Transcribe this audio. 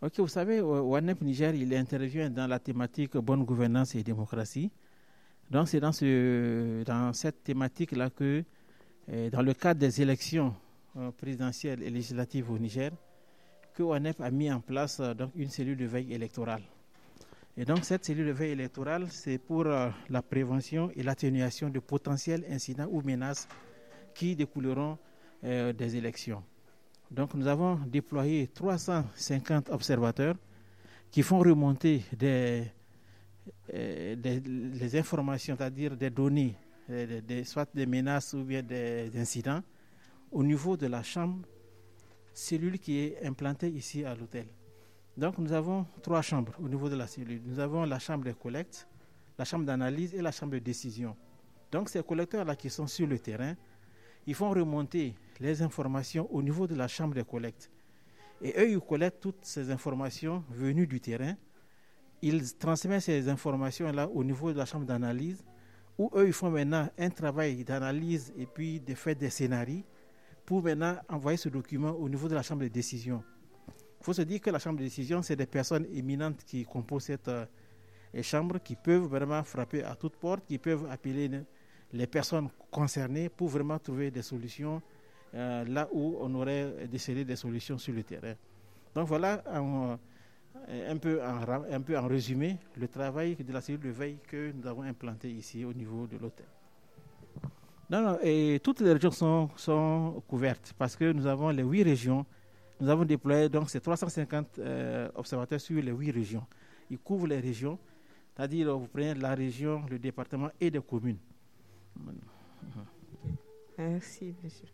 vous savez, ONEP euh, Niger, il intervient dans la thématique bonne gouvernance et démocratie. Donc c'est dans, cette thématique-là que, euh, dans le cadre des élections euh, présidentielles et législatives au Niger, que ONEP a mis en place une cellule de veille électorale. Et donc cette cellule de veille électorale, c'est pour la prévention et l'atténuation de potentiels incidents ou menaces qui découleront des élections. Donc nous avons déployé 350 observateurs qui font remonter euh, des, les informations, c'est-à-dire des données, euh, soit des menaces ou bien des incidents, au niveau de la chambre, cellule qui est implantée ici à l'hôtel. Donc nous avons trois chambres au niveau de la cellule. Nous avons la chambre de collecte, la chambre d'analyse et la chambre de décision. Donc ces collecteurs-là qui sont sur le terrain, ils font remonter les informations au niveau de la chambre de collecte. Et eux, ils collectent toutes ces informations venues du terrain. Ils transmettent ces informations-là au niveau de la chambre d'analyse, où eux, ils font maintenant un travail d'analyse et puis de faire des scénarios pour maintenant envoyer ce document au niveau de la chambre de décision. Il faut se dire que la chambre de décision, c'est des personnes éminentes qui composent cette euh, chambre, qui peuvent vraiment frapper à toutes portes, qui peuvent appeler les personnes concernées pour vraiment trouver des solutions euh, là où on aurait décelé des solutions sur le terrain. Donc voilà euh, un, peu en, un peu en résumé le travail de la cellule de veille que nous avons implanté ici au niveau de l'hôtel. et toutes les régions sont, sont, couvertes parce que nous avons les huit régions. Nous avons déployé donc ces 350 euh, observateurs sur les huit régions. Ils couvrent les régions, c'est-à-dire vous prenez la région, le département et des communes. Merci, monsieur.